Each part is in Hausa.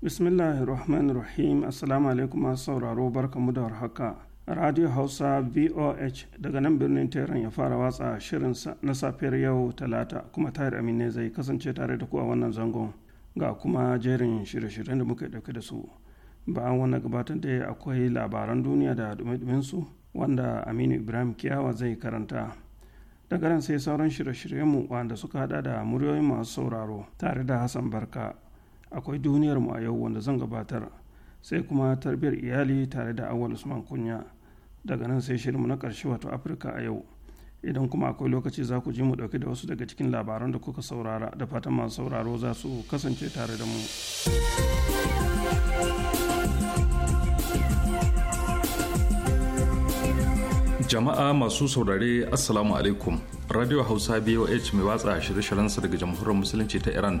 bismillahi rahmanir rahim assalamu alaikum masu sauraro barkamu da warhaka radio hausa voh daga nan birnin tehran ya fara watsa shirin na safiyar yau talata kuma tahir amine zai kasance tare da ku a wannan zangon ga kuma jerin shirye-shiryen da muka dauke da su bayan wannan gabatar da akwai labaran duniya da su wanda aminu ibrahim kiyawa zai karanta daga nan sai sauran shirye-shiryenmu wanda suka hada da muryoyin masu sauraro tare da hassan barka akwai duniyar mu a yau wanda zan gabatar sai kuma tarbiyyar iyali tare da awal usman kunya daga nan sai shirinmu na ƙarshe wato afirka a yau idan kuma akwai lokaci za ku ji mu ɗauki da wasu daga cikin labaran da kuka saurara da fatan masu sauraro za su kasance tare da mu jama'a masu saurare assalamu alaikum radio hausa boh mai watsa shirye-shiryensa daga jamhuriyar musulunci ta iran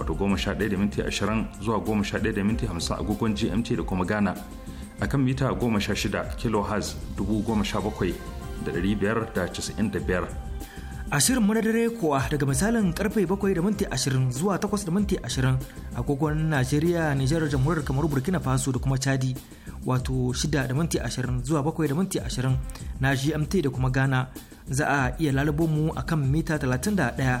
wato 11:20 zuwa 11:50 agogon gmt da kuma ghana a kan mita 16 kilohertz 17,595 a shirin na dare kuwa daga misalin karfe bakwai da minti ashirin zuwa takwas da minti ashirin agogon najeriya nijar jamhuriyar kamar burkina faso da kuma chadi wato 6 da minti ashirin zuwa 7 da minti ashirin na gmt da kuma ghana za a iya lalubo mu a kan mita 31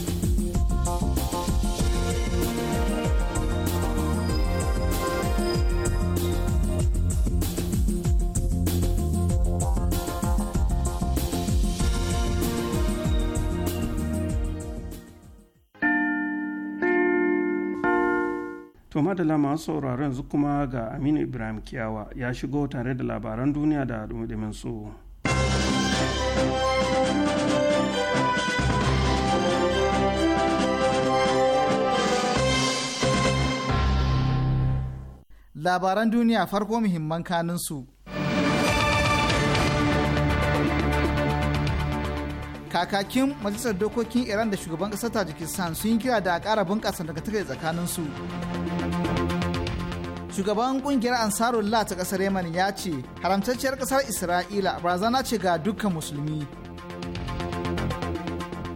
To madala masu sauraron yanzu kuma ga Aminu Ibrahim Kiyawa ya shigo tare da labaran duniya da dumudumin su. Labaran duniya farko muhimman su. Kakakin Majalisar Dokokin Iran da Shugaban Ƙasar Tajikistan sun kira da a ƙara bunƙasa daga tsakanin su shugaban kungiyar ansarullah ta kasar yemen ya ce haramtacciyar kasar isra'ila barazana ce ga dukkan musulmi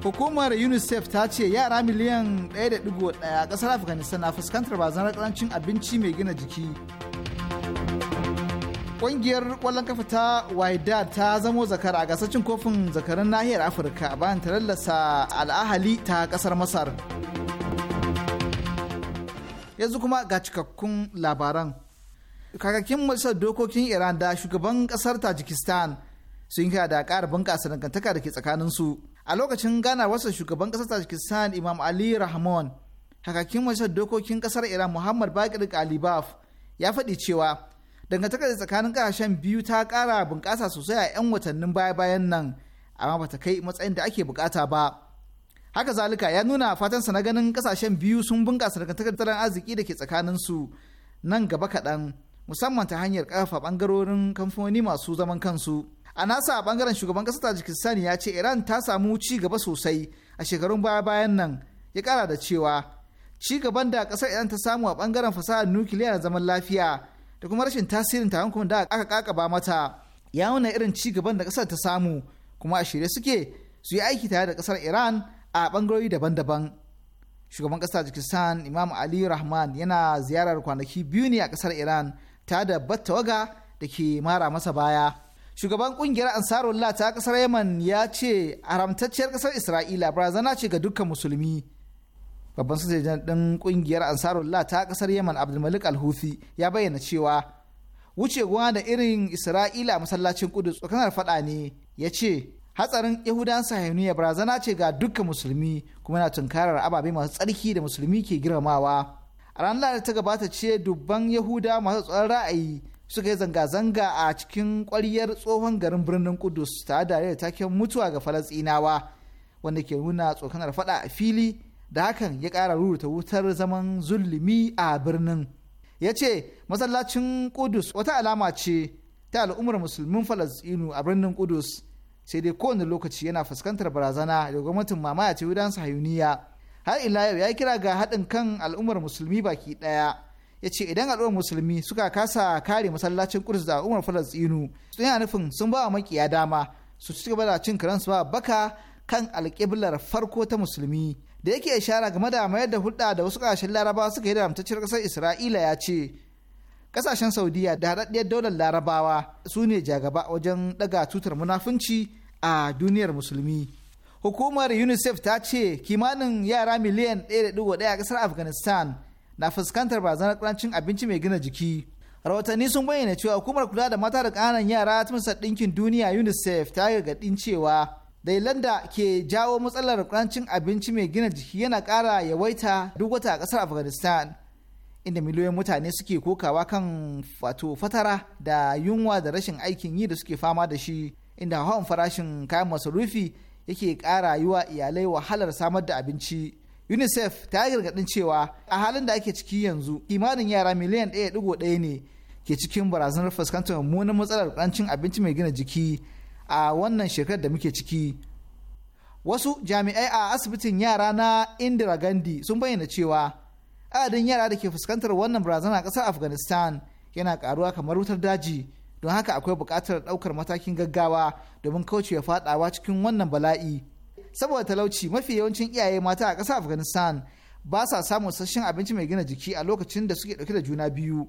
hukumar unicef ta ce yara miliyan 1.1 a kasar afghanistan na fuskantar barazanar karancin abinci mai gina jiki Ƙungiyar ƙwallon kafa ta Wydad ta zamo zakara a gasar cin kofin zakarun nahiyar Afirka bayan ta lallasa al'ahali ta ƙasar Masar. yanzu kuma ga cikakkun labaran kakakin majalisar dokokin iran da shugaban kasar tajikistan sun kira da ƙara bunƙasa dangantaka da ke tsakaninsu a lokacin ganawarsa shugaban kasar tajikistan imam ali rahman kakakin majalisar dokokin kasar iran muhammad bakir kalibaf ya faɗi cewa dangantakar da tsakanin ƙasashen biyu ta ƙara bunƙasa sosai a 'yan watannin baya-bayan nan amma bata kai matsayin da ake bukata ba haka zalika ya nuna fatansa na ganin kasashen biyu sun bunkasa daga tattalin arziki da ke tsakanin su nan gaba kaɗan musamman ta hanyar ƙarfafa bangarorin kamfanoni masu zaman kansu a nasa a ɓangaren shugaban ƙasar tajikistan ya ce iran ta samu ci gaba sosai a shekarun baya bayan nan ya kara da cewa ci gaban da kasar iran ta samu a bangaren fasahar nukiliya na zaman lafiya da kuma rashin tasirin ta takunkumin da aka kakaba mata ya nuna irin ci gaban da ƙasar ta samu kuma a shirye suke su yi aiki tare da kasar iran a bangarori daban-daban shugaban kasar tajikistan imam ali rahman yana ziyarar kwanaki biyu ne a kasar iran ta da battawaga da ke mara masa baya shugaban kungiyar ansarullah ta kasar yaman ya ce haramtacciyar kasar isra'ila barazana ce ga dukkan musulmi babban sojan ɗin ƙungiyar ansarullah ta ƙasar yaman abdulmalik alhuthi ya bayyana cewa wuce gona da irin isra'ila masallacin kudus tsakanar faɗa ne ya ce hatsarin yahudan sahiyoniya barazana ce ga duka musulmi kuma na tunkarar ababe masu tsarki da musulmi ke girmamawa a ranar lahadi ta gabata ce dubban yahuda masu tsoron ra'ayi suka yi zanga-zanga a cikin ƙwaryar tsohon garin birnin kudus ta da da taken mutuwa ga Falasinawa, wanda ke nuna tsokanar fada a fili da hakan ya kara rurruta wutar zaman zulumi a birnin ya ce masallacin kudus wata alama ce ta al'ummar musulmin Falasinu a birnin kudus sai dai kowane lokaci yana fuskantar barazana da gwamnatin mamaya ce yudan hayuniya. har ila yau ya kira ga haɗin kan al'ummar musulmi baki ɗaya ya ce idan al'ummar musulmi suka kasa kare masallacin kudus da al'ummar falastinu su yana nufin sun ba wa makiya dama su ci gaba da cin karansu ba baka kan alƙiblar farko ta musulmi da yake ishara game da mayar da hulɗa da wasu ƙasashen larabawa suka yi da ƙasar isra'ila ya ce kasashen saudiya da haɗaɗɗiyar daular larabawa su ne jagaba wajen ɗaga tutar munafunci a duniyar musulmi hukumar unicef ta ce kimanin yara miliyan 1.1 a kasar afghanistan na fuskantar barazanar ƙarancin abinci mai gina jiki rahotanni sun bayyana cewa hukumar kula da mata da ƙananan yara ta masar ɗinkin duniya unicef ta gargaɗin cewa dalilan da ke jawo matsalar ƙarancin abinci mai gina jiki yana kara yawaita duk wata a kasar afghanistan inda miliyoyin mutane suke kokawa kan wato fatara da yunwa da rashin aikin yi da suke fama da shi inda hawan farashin kayan masarufi yake ƙara yi wa iyalai wahalar samar da abinci unicef ta yi gargaɗin cewa a halin da ake ciki yanzu imanin yara miliyan ɗaya ɗaya ne ke cikin barazanar fuskantar mummunan matsalar ƙarancin abinci mai gina jiki a wannan shekarar da muke ciki wasu jami'ai a asibitin yara na indira gandhi sun bayyana cewa adadin yara da ke fuskantar wannan barazana a ƙasar afghanistan yana karuwa kamar wutar daji don haka akwai buƙatar ɗaukar matakin gaggawa domin kaucewa faɗawa cikin wannan bala'i saboda talauci mafi yawancin iyaye mata a ƙasar afghanistan ba sa samun sashen abinci mai gina jiki a lokacin da suke ɗauke da juna biyu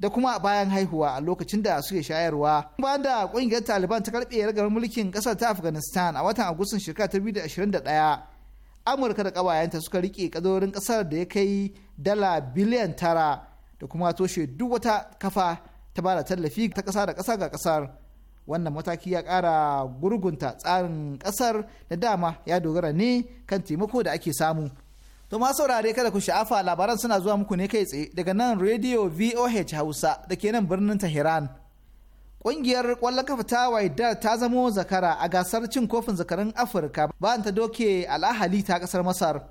da kuma bayan haihuwa a lokacin da suke shayarwa. Bayan da ƙungiyar Taliban ta karɓe ragar mulkin ƙasar ta Afghanistan a watan Agustan shekara ta 2021 amurka da ƙawayenta suka rike kadorin ƙasar da ya kai dala biliyan tara da kuma toshe duk wata kafa ta bada tallafi ta kasa da kasa ga ƙasar wannan mataki ya kara gurgunta tsarin ƙasar da dama ya dogara ne kan taimako da ake samu to ma saurare kada ku sha'afa labaran suna zuwa muku ne kai tsaye daga nan radio voh hausa da ke nan birnin tehran Ƙungiyar ƙwallon kafa ta Wydad ta zamo zakara a gasar cin kofin zakarun Afirka bayan ta doke al'ahali ta ƙasar Masar.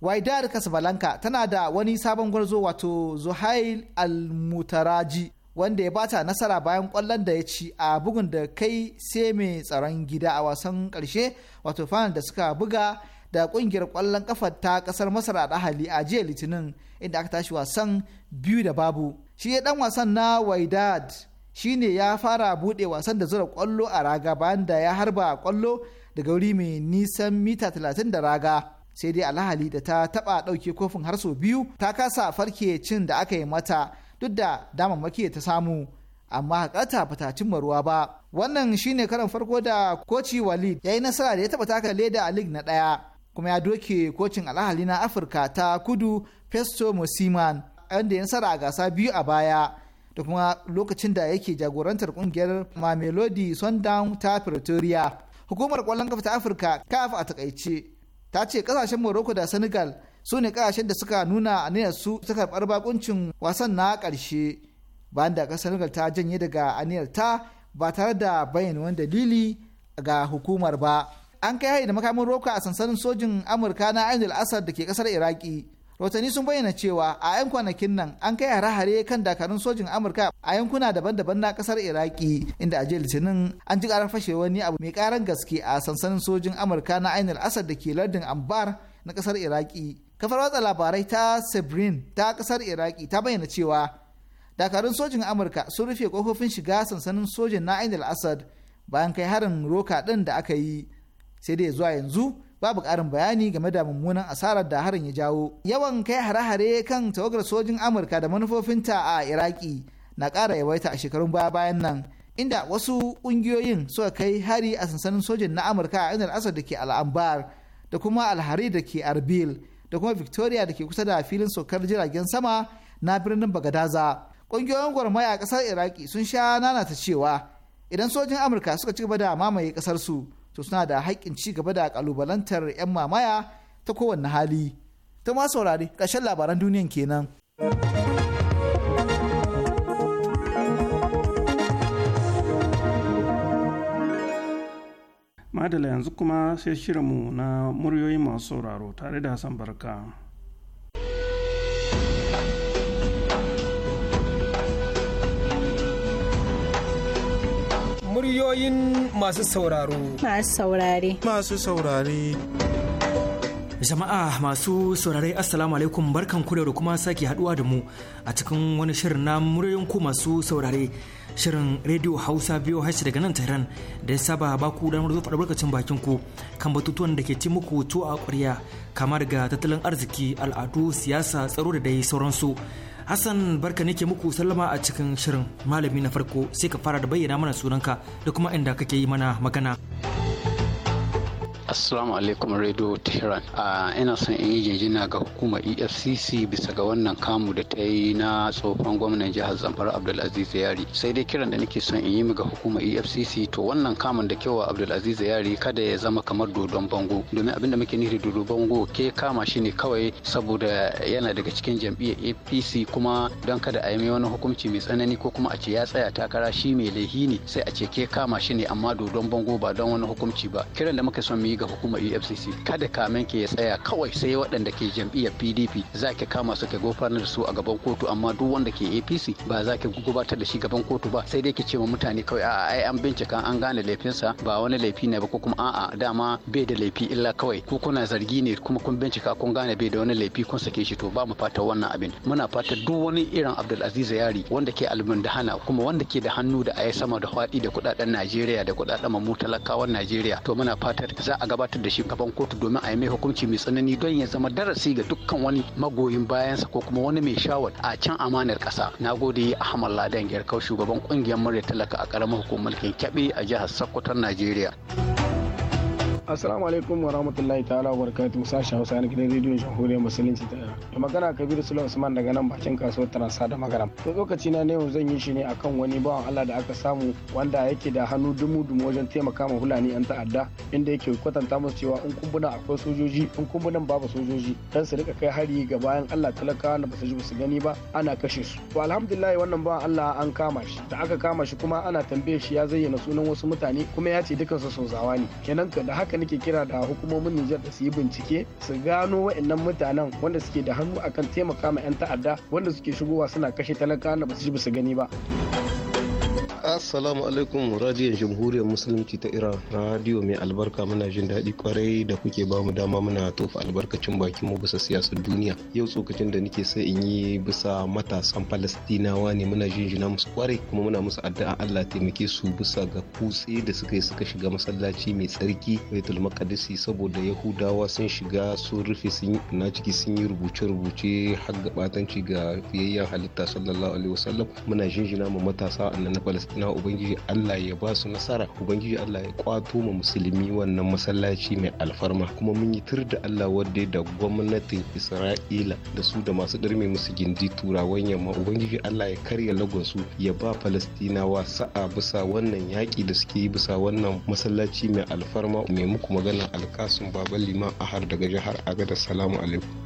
Wydad Casablanca tana da wani sabon gwarzo wato Zuhail Almutaraji wanda ya bata nasara bayan ƙwallon da ya ci a bugun da kai sai mai tsaron gida a wasan ƙarshe wato final da suka buga da ƙungiyar ƙwallon kafa ta ƙasar Masar a al'ahali a jiya Litinin inda aka tashi wasan biyu da babu. Shi ɗan wasan na Wydad shine ya fara buɗe wasan da zura kwallo a raga bayan da ya harba kwallo daga wuri mai nisan mita 30 da raga sai dai alhali da ta taba ɗauke kofin har sau biyu ta kasa farke cin da aka yi mata duk da damammaki ta samu amma hakata ba ta cimma ruwa ba wannan shine karan farko da koci walid ya yi nasara da ya taba taka leda a lig na ɗaya kuma ya doke kocin alhali na afirka ta kudu festo musiman wanda ya nasara a gasa biyu a baya da kuma lokacin da yake jagorantar kungiyar mamelodi sundown ta pretoria hukumar kwallon kafa ta afirka kafa a takaice ta ce kasashen morocco da senegal su ne kasashen da suka nuna aniyar su ta karɓar bakuncin wasan na ƙarshe bayan da ƙasar senegal ta janye daga aniyar ta ba tare da bayyana wani dalili ga hukumar ba an kai hari da makamin roka a sansanin sojin amurka na ainul asad da ke ƙasar iraki rotani sun bayyana cewa a 'yan kwanakin nan an kai hare-hare kan dakarun sojin amurka a yankuna daban-daban na kasar iraki inda a jiya litinin an ji karar fashe wani abu mai karan gaske a sansanin sojin amurka na ainihin asad da ke lardin ambar na kasar iraki kafar watsa labarai ta sabrin ta kasar iraki ta bayyana cewa dakarun sojin amurka sun rufe kofofin shiga sansanin sojin na ainihin asad bayan kai harin roka din da aka yi sai dai zuwa yanzu babu ƙarin bayani game da mummunan asarar da harin ya jawo yawan kai hare-hare kan tawagar sojin amurka da manufofinta a iraki na kara yawaita a shekarun baya bayan nan inda wasu ƙungiyoyin suka kai hari a sansanin sojin na amurka a inar asar da ke al'ambar da kuma alhari da ke arbil da kuma victoria da ke kusa da filin sokar jiragen sama na birnin bagadaza ƙungiyoyin gwarmaya a ƙasar iraki sun sha nanata cewa idan sojin amurka suka ci gaba da mamaye ƙasarsu su to suna da haƙƙin ci gaba da kalubalantar 'yan mamaya ta kowanne hali ta ma saurari ƙarshen labaran duniya kenan. madala yanzu kuma sai shirinmu na muryoyi masu sauraro tare da hassan barka. muryoyin masu sauraro. Masu saurare. Masu saurare. Jama'a masu saurare Assalamu alaikum barkan kure da kuma sake haduwa da mu a cikin wani shirin na muryoyin ku masu saurare. Shirin Radio Hausa biyu hashi daga nan Tehran da ya saba ku don rufe albarkacin bakin ku kan batutuwan da ke ci muku tuwo a ƙwarya kama daga tattalin arziki, al'adu, siyasa, tsaro da dai sauransu. Hassan barka nake muku sallama a cikin shirin malami na farko sai ka fara da bayyana mana sunanka da kuma inda kake yi mana magana. Assalamu alaikum Radio Tehran. A ah, ina son in yi jinjina ga hukumar EFCC bisa ga wannan kamu da ta yi na tsohon gwamnan jihar Zamfara Abdulaziz Yari. Sai dai kiran da nake son in yi ga hukumar EFCC to wannan kamun da kewa Abdulaziz Yari kada ya zama kamar dodon bango. Domin abin da muke nufi dodon bango ke kama shi ne kawai saboda yana daga cikin jam'iyyar APC kuma don kada a yi mai wani hukunci mai tsanani ko kuma a ce ya tsaya takara shi mai laihi ne sai a ce ke kama shi ne amma dodon bango ba don wani hukunci ba. Kiran da muke son mu ga hukumar efcc kada kamen ke ya tsaya kawai sai waɗanda ke jam'iyyar pdp za ka kama su ke gofanar su a gaban kotu amma duk wanda ke apc ba za ki gabatar da shi gaban kotu ba sai dai ki ce wa mutane kawai a'a ai an bincika an gane laifinsa ba wani laifi ne ba ko kuma a'a dama bai da laifi illa kawai ko kuna zargi ne kuma kun bincika kun gane bai da wani laifi kun sake shi to ba mu fata wannan abin muna fata duk wani irin abdulaziz yari wanda ke hana kuma wanda ke da hannu da ayi sama da faɗi da kuɗaɗen najeriya da kudaden mamu talakawan najeriya to muna fatar za a gabatar da shi gaban kotu domin a yi mai hukunci mai tsanani don ya zama darasi ga dukkan wani magoyin bayansa ko kuma wani mai shawar a can amanar kasa na gode ahmad ladan yarkau shugaban kungiyar murya talaka a karamar hukumar kyakkyabe a jihar sokoton najeriya Assalamu alaikum wa rahmatullahi ta'ala wa barakatuhu sashi Hausa na gidan rediyon Jamhuriyar Musulunci ta Iran. Da magana Kabiru Sule Usman daga nan bakin kasuwar Taransa da Magaram. To lokaci na yau zan yi shi ne akan wani bawan Allah da aka samu wanda yake da hannu dumu dumu wajen taimaka ma Hulani yan ta'adda inda yake kwatanta musu cewa in kumbuna akwai sojoji in kumbunan babu sojoji dan su rika kai hari ga bayan Allah talakawa da basu ji basu gani ba ana kashe su. To alhamdulillah wannan bawan Allah an kama shi da aka kama shi kuma ana tambaye shi ya zayyana sunan wasu mutane kuma ya ce dukansu sozawa ne kenan da haka haka nake kira da hukumomin Nijar da su yi bincike su gano wa'annan mutanen wanda suke da hannu akan taimaka ma 'yan ta'adda wanda suke shigowa suna kashe talaka da ba su ji ba su gani ba. Assalamu alaikum radiyon jamhuriyar musulunci ta Iran radiyo mai albarka muna jin daɗi kwarai da kuke ba mu dama muna tofa albarkacin bakin mu bisa siyasar duniya yau tsokacin da nake sai in yi bisa matasan Falastinawa ne muna jinjina musu kwarai kuma muna musu addu'a Allah taimake su bisa ga kutse da suka yi suka shiga masallaci mai tsarki Baitul Maqdisi saboda Yahudawa sun shiga sun rufe sun na ciki sun yi rubuce-rubuce har gabatanci ga fiyayyen halitta sallallahu alaihi wasallam muna jinjina mu matasa annan na Falastin na ubangiji Allah ya ba su nasara ubangiji Allah ya kwato ma musulmi wannan masallaci mai alfarma kuma mun yi tur da Allah wadda da gwamnatin Isra'ila da su da masu ɗarme musu gindi turawan yamma ubangiji Allah ya karya lagosu ya ba Falastinawa sa'a bisa wannan yaƙi da suke yi bisa wannan masallaci mai alfarma mai muku magana alkasun baban liman ahar daga jihar agada salamu alaikum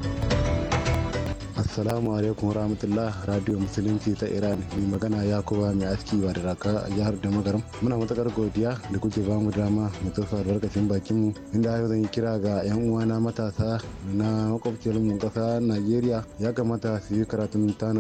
assalamu alaikum rahmatullah radio musulunci ta iran mai magana ya yakuba mai aski ba da raka a jihar da magaram muna matakar godiya da kuke bamu dama mu tofa albarkacin bakin mu inda yau zan yi kira ga yan uwana matasa na makwabciyar mu kasa najeriya ya kamata su yi karatun ta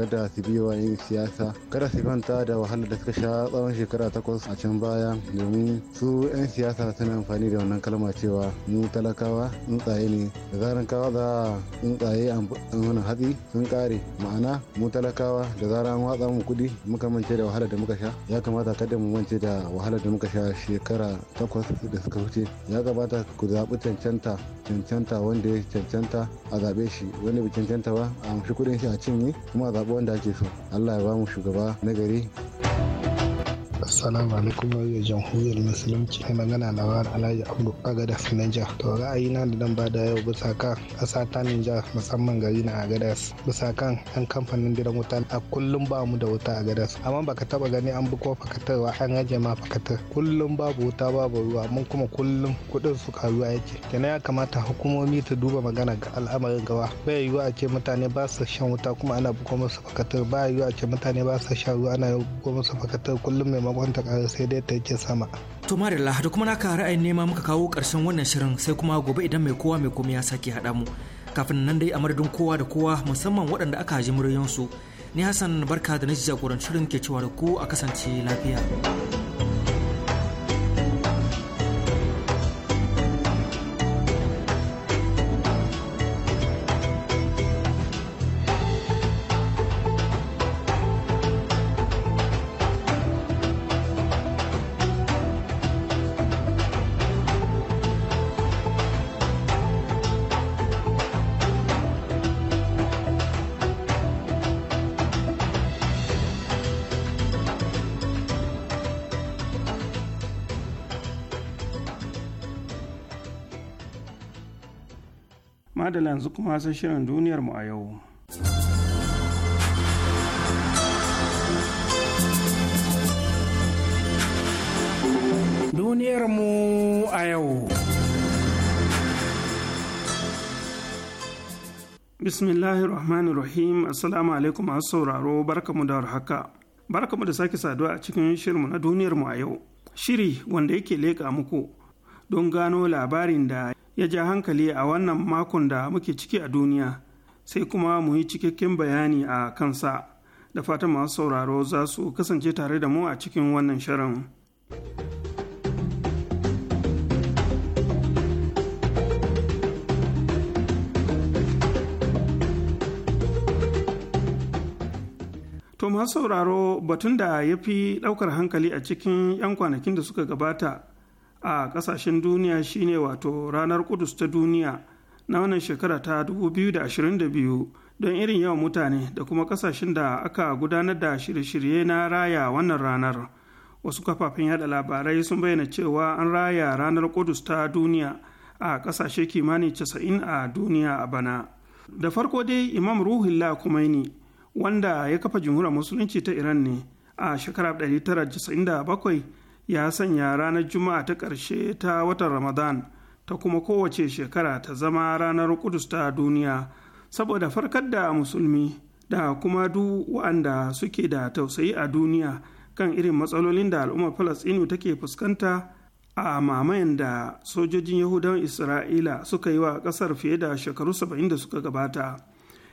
kada su biyo wa yin siyasa kada su kwanta da wahalar da suka sha tsawon shekara takwas a can baya domin su 'yan siyasa suna amfani da wannan kalma cewa mu talakawa tsuntsaye ne da zaran kawa za tsuntsaye an wani hatsi sun kare ma'ana mu talakawa da zaran an watsa mu kuɗi muka mance da wahalar da muka sha ya kamata kada mu mance da wahalar da muka sha shekara takwas da suka wuce ya kamata ku zaɓi cancanta cancanta wanda ya cancanta a zaɓe shi wanda bai cancanta ba a amshi kudin shi a cinye kuma a abubuwan da ake so allah ya ba mu shugaba na gari Assalamu alaikum wa jamhuriyar musulunci mai magana na wani alhaji abdu agadas Niger. To ra'ayina da dan bada yau bisa kan ƙasa ta Niger musamman gari na agadas. Bisa kan yan kamfanin gidan wuta a kullum ba mu da wuta a agadas. Amma baka taba gani an bi ko fakatarwa an rage ma fakatar. Kullum babu wuta babu ruwa mun kuma kullum kuɗin su karuwa yake. na ya kamata hukumomi ta duba magana ga al'amarin gawa. Bai yiwu a ce mutane ba su shan wuta kuma ana buko musu fakatar. Ba yiwu a ce mutane ba su shan ruwa ana buko musu fakatar kullum mai maimakon ta sai dai ta ke sama. to marilla da kuma naka ra'ayin nema muka kawo ƙarshen wannan shirin sai kuma gobe idan mai kowa mai komai ya sake haɗa mu kafin nan dai a madadin kowa da kowa musamman waɗanda aka ji muryansu ni hassan barka da na jagorancin shirin ke cewa da ku a kasance lafiya. yanzu kuma sai shirin duniyar mu a yau. Duniyar mu a yau. Bismillahirrahmanirrahim Assalamu alaikum masu sauraro barkamu da warhaka. Barkamu da sake saduwa a cikin shirinmu na duniyarmu a yau. Shiri wanda yake leƙa muku don gano labarin da ya ja hankali a wannan makon da muke ciki a duniya sai kuma mu yi cikakken bayani a kansa da fata masu sauraro za su kasance tare da mu a cikin wannan shirin. To masu sauraro batun da ya fi ɗaukar hankali a cikin 'yan kwanakin da suka gabata a kasashen duniya shine wato ranar kudus ta duniya na wannan shekara ta 2022 don irin yawan mutane da kuma kasashen da aka gudanar da shirye-shirye na raya wannan ranar wasu kafafen yada labarai sun bayyana cewa an raya ranar kudus ta duniya a kasashe kimanin 90 a duniya a bana da farko dai imam ruhilla kumaini wanda ya kafa jimhuriyar musulunci ta iran ne a shekarar 1997 ya sanya ranar juma'a ta ƙarshe ta watan ramadan ta kuma kowace shekara ta zama ranar kudus ta duniya saboda farkar da musulmi da kuma duk wa'anda suke da tausayi a duniya kan irin matsalolin da al'ummar falastinu take fuskanta a mamayen da sojojin yahudan isra'ila suka yi wa kasar fiye da shekaru 70 da suka gabata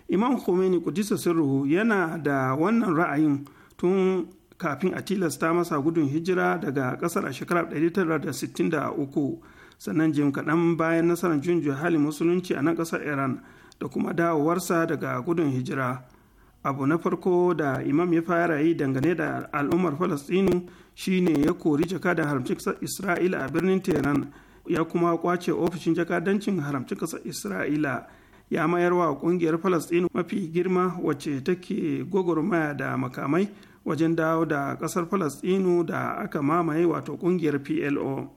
imam khomeini kudisa sirruhu yana da wannan ra'ayin tun kafin a tilasta masa gudun hijira daga kasar a shekarar 1963 sannan jim kaɗan bayan nasarar junjo halin musulunci a nan kasar iran da kuma dawowarsa daga gudun hijira abu na farko da imam ya fara yi dangane da al'ummar falastinu shine ya kori jaka da haramci kasar isra'ila a birnin tehran ya kuma kwace ofishin jakadancin haramci kasar isra'ila ya mayar wa ƙungiyar falastinu mafi girma wacce take gwagwarmaya da makamai wajen dawo da ƙasar falastinu da aka mamaye wato ƙungiyar plo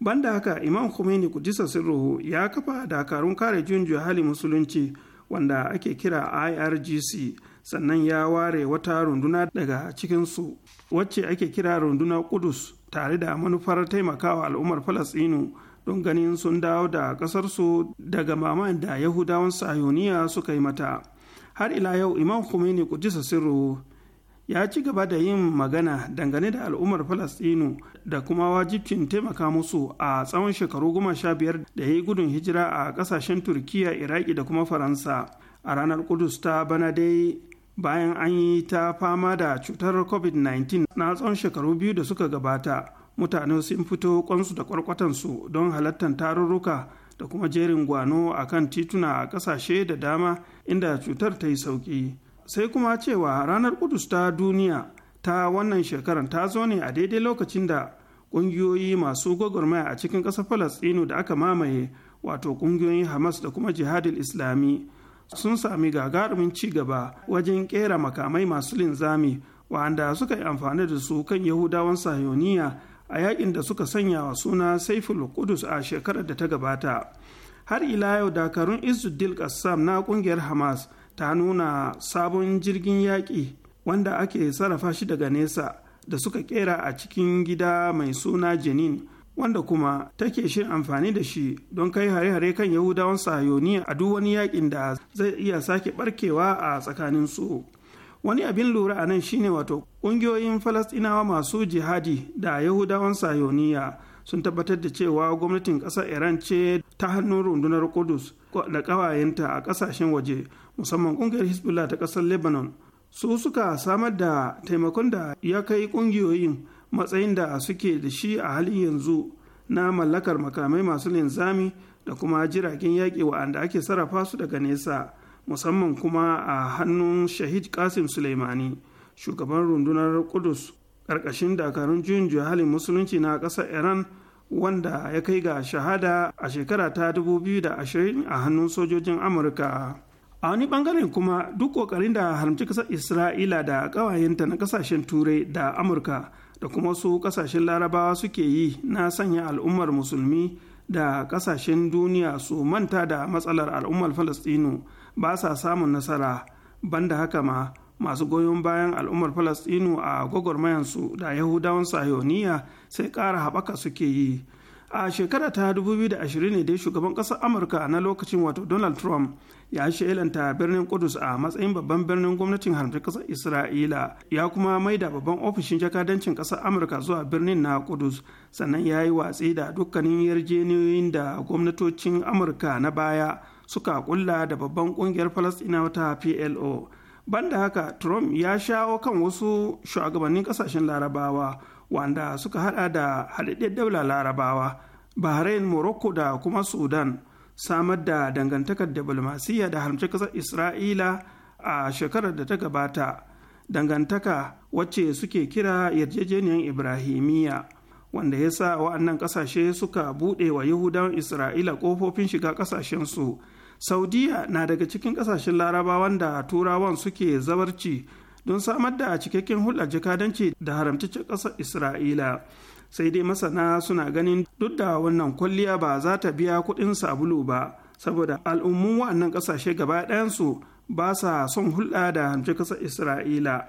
banda haka imam khomeini kudisa sirruhu ya kafa dakarun kare junjiya hali musulunci wanda ake kira irgc sannan ya ware wata runduna daga cikinsu wacce ake kira runduna kudus tare da manufar taimakawa al'ummar Falasɗinu don ganin sun dawo da ƙasarsu daga maman da yahudawan sayoniya suka yi mata har ila yau imam khomeini kudisa sirruhu ya ci gaba da yin magana dangane da al'ummar falastinu da kuma wajibcin taimaka musu a tsawon shekaru goma sha biyar da ya yi gudun hijira a kasashen turkiya iraki da kuma faransa a ranar kudus ta bana dai bayan an yi ta fama da cutar covid-19 na tsawon shekaru biyu da suka gabata mutane sun fito kwansu da kwarkwatansu don halartar tarurruka da kuma jerin gwano a kan tituna a kasashe da dama inda cutar ta yi sauki sai kuma cewa ranar kudus ta duniya ta wannan shekarar ta zo ne a daidai lokacin da ƙungiyoyi masu gwagwarmaya a cikin ƙasar falastinu da aka mamaye wato ƙungiyoyin hamas da kuma jihadil islami sun sami gagarumin ci gaba wajen ƙera makamai masu linzami wanda suka yi amfani da su kan yahudawan sahiyoniya a yakin da suka sanya wa suna saiful kudus a shekarar da ta gabata har ila yau dakarun izuddin kassam na kungiyar hamas ta nuna sabon jirgin yaƙi wanda ake sarrafa shi daga nesa da suka kera a cikin gida mai suna Jenin wanda kuma take shin amfani da shi don kai hare-hare kan Yahudawan Sayoni a duk wani yakin da zai iya sake barkewa a tsakanin su. Wani abin lura a nan shine wato ƙungiyoyin Falasɗinawa masu jihadi da Yahudawan Sayoniya sun tabbatar da cewa gwamnatin ƙasar iran ce ta hannun rundunar kudus da ƙawayenta a ƙasashen waje musamman ƙungiyar hezbollah ta ƙasar lebanon su suka samar da taimakon da ya kai ƙungiyoyin matsayin da suke da shi a halin yanzu na mallakar makamai masu linzami da kuma jiragen yaƙi wa'anda ake sarrafa su daga nesa musamman kuma a hannun shahid kasim suleimani shugaban rundunar kudus ƙarƙashin dakarun juyin juya halin musulunci na ƙasar iran wanda ya kai ga shahada a shekara ta 2020 a hannun sojojin amurka a wani bangaren kuma duk kokarin da haramci ƙasar isra'ila da ƙawayenta na ƙasashen turai da amurka da kuma su ƙasashen larabawa suke yi na sanya al'ummar musulmi da ƙasashen duniya su manta da matsalar al'ummar falastinu ba sa samun nasara banda haka ma masu goyon bayan al'ummar falastinu a gwagwarmayansu da yahudawan sayoniya sai kara haɓaka suke yi a shekara ta 2020 ne dai shugaban ƙasar amurka na lokacin wato donald trump ya shelanta birnin kudus a matsayin babban birnin gwamnatin haramta ƙasar isra'ila ya kuma maida babban ofishin jakadancin ƙasar amurka zuwa birnin na kudus sannan ya yi watsi da dukkanin yarjejeniyoyin da gwamnatocin amurka na baya suka kulla da babban ƙungiyar falastinawa ta plo banda haka trump ya shawo kan wasu shugabannin kasashen larabawa wanda suka hada da haɗaɗɗen daular larabawa bahrain morocco da kuma sudan samar da dangantakar diplomasiyya da haramci kasar isra'ila a shekarar da ta gabata dangantaka wacce suke kira yarjejeniyar ibrahimiyya wanda ya sa wa'annan kasashe suka buɗe wa yahudawan isra'ila kofofin shiga ƙasashensu saudiya na daga cikin kasashen laraba wanda turawan suke zabarci don samar da cikakken hulɗar jakadanci da haramtaccen ƙasar isra'ila sai dai masana suna ganin duk da wannan kwalliya ba za ta biya kuɗin sabulu ba saboda al'ummun wa'annan ƙasashe gaba ɗayansu ba sa son hulɗa da hamci ƙasar isra'ila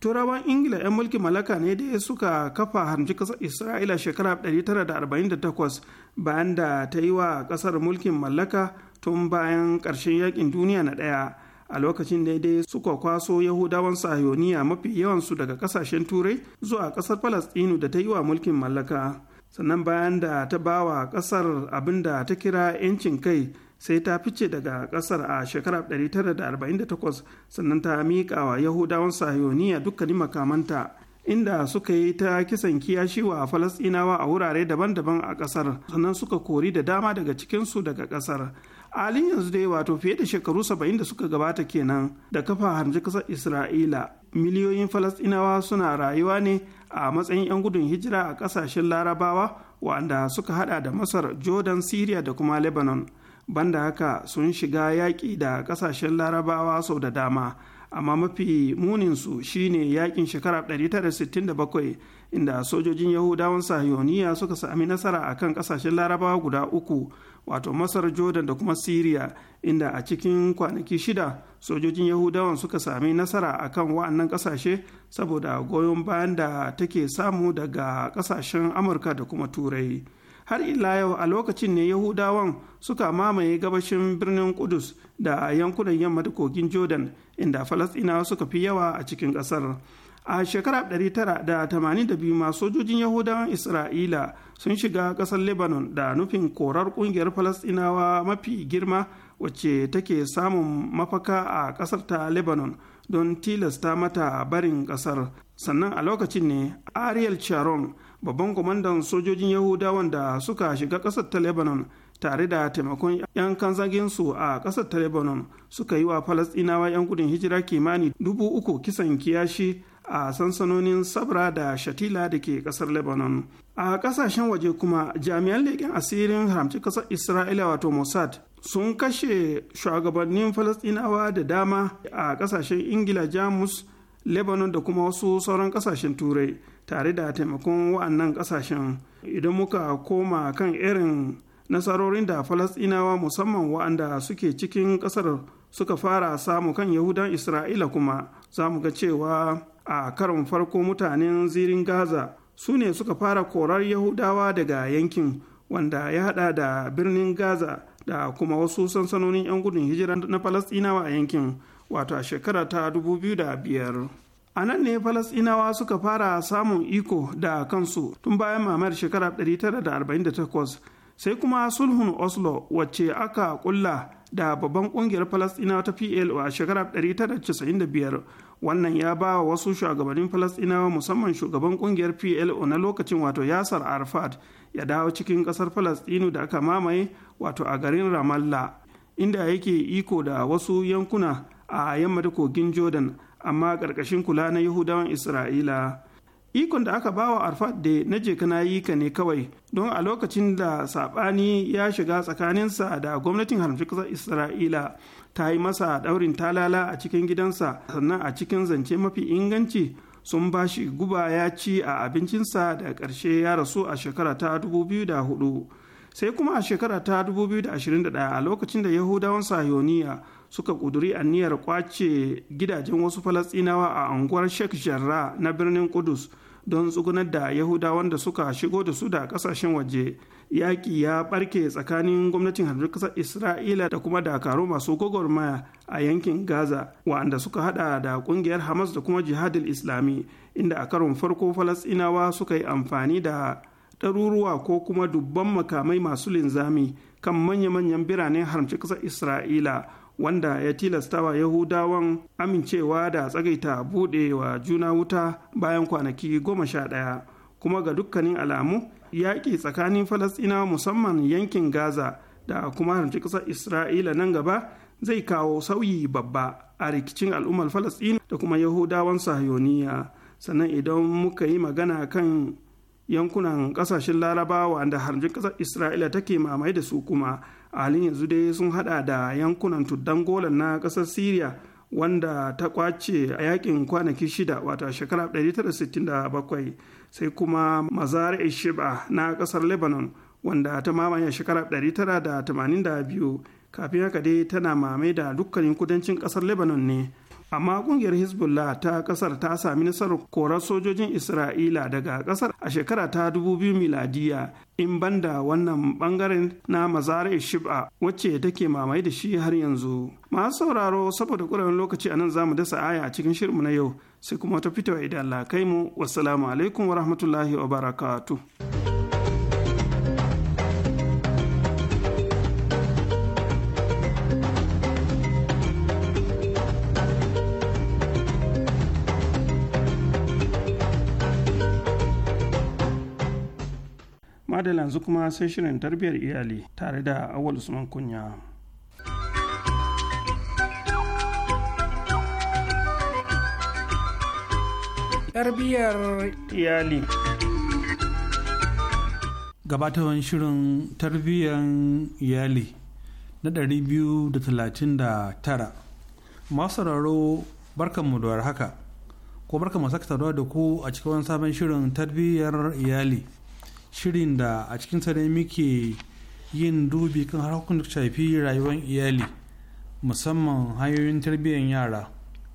turawan ingila 'yan mulki malaka ne da suka kafa hamci ƙasar isra'ila shekara 1948 bayan da ta yi wa ƙasar mulkin mallaka tun bayan ƙarshen yakin duniya na ɗaya a lokacin da dai suka kwaso yahudawan sahiyoniya mafi yawansu daga ƙasashen turai zuwa ƙasar falastinu da ta yi wa mulkin mallaka sannan bayan da ta ba wa ƙasar abin da ta kira 'yancin kai sai ta fice daga ƙasar a shekarar 1948 sannan ta miƙa wa yahudawan sahiyoniya dukkanin makamanta inda suka yi ta kisan kiyashi wa falasɗinawa a wurare daban-daban a ƙasar sannan suka kori da dama daga cikinsu daga ƙasar a yanzu dai wato fiye da shekaru saba'in da suka gabata kenan da kafa harbi kasar isra'ila miliyoyin falastinawa suna rayuwa ne a matsayin 'yan gudun hijira a kasashen larabawa wanda suka hada da masar jordan syria da kuma lebanon banda haka sun shiga yaƙi da ƙasashen larabawa sau da dama amma mafi muninsu shine yakin shekara 1967 inda sojojin yahudawan sahiyoniya suka sami nasara akan kasashen larabawa guda uku wato masar jordan da kuma syria inda a cikin kwanaki shida sojojin yahudawan suka sami nasara a kan wa'annan kasashe saboda goyon bayan da take samu daga kasashen amurka da kuma turai har ila yau a lokacin ne yahudawan suka mamaye gabashin birnin kudus da yankunan yamma da kogin jordan inda falasɗinawa suka fi yawa a cikin ƙasar a shekarar 982 ma sojojin yahudawan isra'ila sun shiga ƙasar lebanon da nufin korar ƙungiyar falastinawa mafi girma wacce take samun mafaka a ƙasar ta lebanon don tilasta mata barin ƙasar sannan a lokacin ne ariel sharon babban kwamandan sojojin yahudawan da suka shiga ƙasar ta lebanon tare da taimakon 'yan kanzaginsu a ƙasar ta lebanon suka yi wa falastinawa 'yan gudun hijira kimani dubu uku kisan kiyashi a sansanonin sabra da shatila da ke kasar lebanon a kasashen waje kuma jami'an leƙen asirin haramci kasar isra'ila wato mossad sun kashe shugabannin falasɗinawa da dama a kasashen ingila jamus lebanon da kuma wasu sauran kasashen turai tare da taimakon wa'annan kasashen idan muka koma kan irin nasarorin da falasɗinawa musamman wa'anda suke cikin ƙasar suka fara samu kan yahudan isra'ila kuma za mu ga cewa a karon farko mutanen zirin gaza su ne suka fara korar yahudawa daga yankin wanda ya hada da birnin gaza da kuma wasu sansanonin 'yan gudun hijira na falasɗinawa a yankin wato a shekara ta 2005 a nan ne falasɗinawa suka fara samun iko da kansu tun bayan mamayar shekara 1948 sai kuma sulhun oslo wacce aka kulla da babban kungiyar falasɗinawa ta plo a shekara 1995 wannan ya ba wa wasu shugabannin falasɗinawa musamman shugaban kungiyar plo na lokacin wato yasar arfad ya dawo cikin ƙasar falasɗinu da aka mamaye wato a garin ramallah inda yake iko da wasu yankuna a yamma da kogin jordan amma ƙarƙashin kula na yahudawan isra'ila ikon da aka bawa arfad da na je kana yi ka ne kawai don a lokacin da sabani ya shiga tsakaninsa da gwamnatin harfikar isra'ila ta yi masa daurin talala a cikin gidansa sannan a cikin zance mafi inganci sun ba shi guba ya ci a abincinsa da ƙarshe ya rasu a shekara ta 2004 sai kuma a shekara ta 2021 a lokacin da yahudawan sayoniya suka ƙuduri aniyar kwace gidajen wasu falasɗinawa a unguwar sheikh jarra na birnin kudus don tsugunar da yahudawan da suka shigo da su da kasashen waje yaƙi ya ɓarke tsakanin gwamnatin ƙasar isra'ila da kuma dakaru masu gwagwarmaya a yankin gaza wa'anda suka hada da ƙungiyar hamas da kuma jihadul islami inda a karon farko falasɗinawa suka yi amfani da ɗaruruwa ko kuma dubban makamai masu linzami kan manya-manyan biranen harmci ƙasar isra'ila wanda ya tilastawa yahudawan amincewa da tsagaita buɗe wa juna wuta bayan kwanaki goma sha ɗaya kuma ga dukkanin alamu yaƙi tsakanin falasɗinawa musamman yankin gaza da kuma harci ƙasar isra'ila nan gaba zai kawo sauyi babba a rikicin al'ummar falasɗin da kuma yahudawan sahiyoniya sannan idan muka yi magana kan yankunan ƙasashen larabawa da harjin ƙasar isra'ila take mamaye da su kuma a halin yanzu dai sun hada da yankunan tuddan na kasar syria wanda ta kwace a yakin kwanaki shida wata shekara 1967 sai kuma mazar e shiba na kasar lebanon wanda ta mamaye shekara 1982 kafin haka dai tana mame da dukkanin kudancin kasar lebanon ne amma kungiyar hezbollah ta kasar ta sami nasarar korar sojojin isra'ila daga kasar a shekara ta dubu biyu miladiya in banda wannan bangaren na mazari shib'a wacce take mamaye da shi har yanzu masu sauraro saboda ƙwararren lokaci a nan zamu dasa aya a cikin shirinmu na yau sai kuma ta fitowa idan Allah kai mu wassalamu alaikum wa rahmatullahi wa barakatu madala yanzu kuma sai shirin tarbiyyar iyali tare da awal usman kunya tarbiyyar iyali gabatawan shirin tarbiyyar iyali na 239 masu raro barkanmu da haka ko barkanmu saka da ku a cikin sabon shirin tarbiyyar iyali shirin da a cikinsa ne muke yin dubi kan harkokin da shafi rayuwar iyali musamman hanyoyin tarbiyyar yara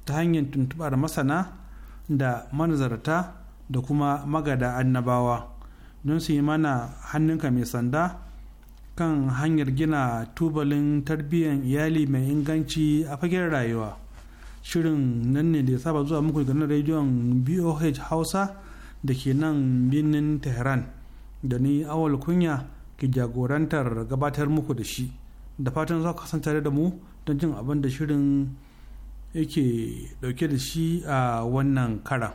ta hanyar tuntubar masana da manazarta da kuma magada annabawa don su yi mana hannunka mai sanda kan hanyar gina tubalin tarbiyyar iyali mai inganci a fagen rayuwa shirin nan ne da ya saba zuwa muku ganin rediyon boh hausa da ke nan birnin tehran da ni awal kunya ke jagorantar gabatar muku da shi da fatan za ku kasance da mu don jin abin da shirin yake dauke da shi a wannan kara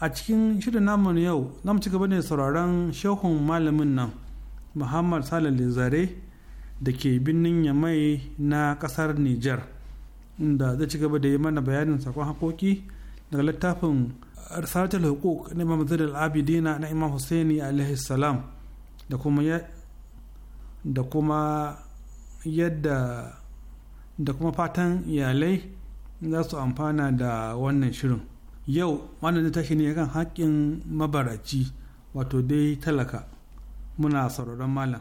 a cikin shirin namun yau za cigaba ci ne sauraron shehun malamin nan muhammad salalin zare. da ke birnin yamai na kasar niger inda zai ci gaba da yi mana bayanin sakon hakoki daga littafin arsatul hukuk na imam zaid al-abidina na imam husaini alaihi salam da kuma da yadda da kuma fatan iyalai za su amfana da wannan shirin yau wannan da tashi ne kan haƙƙin mabaraci wato dai talaka muna sauraron malam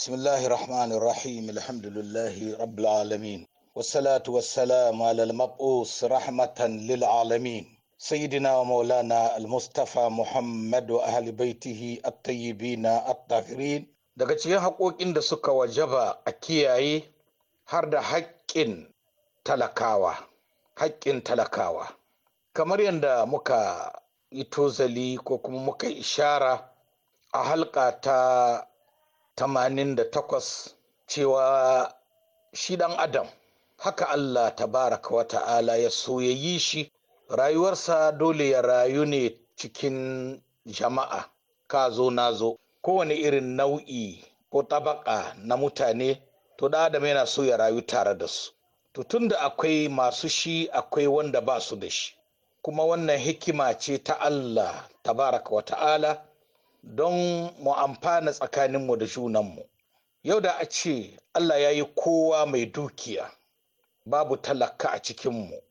بسم الله الرحمن الرحيم الحمد لله رب العالمين والصلاة والسلام على المبعوث رحمة للعالمين سيدنا ومولانا المصطفى محمد وأهل بيته الطيبين الطاهرين daga cikin haƙoƙin da suka wajaba a kiyaye har da haƙƙin talakawa haƙƙin talakawa kamar yadda muka yi tozali ko kuma muka ishara a halka ta 88 cewa shi ɗan adam haka Allah tabaraka wa ta'ala ya so ya yi shi rayuwarsa dole ya rayu ne cikin jama'a ka zo na zo kowane irin nau'i ko tabaka na mutane to da adam yana so ya rayu tare da su to tunda akwai masu shi akwai wanda ba su da shi kuma wannan hikima ce ta Allah tabaraka wa ta'ala don mu amfana tsakaninmu da junanmu yau da a ce allah ya yi kowa mai dukiya babu talaka a cikinmu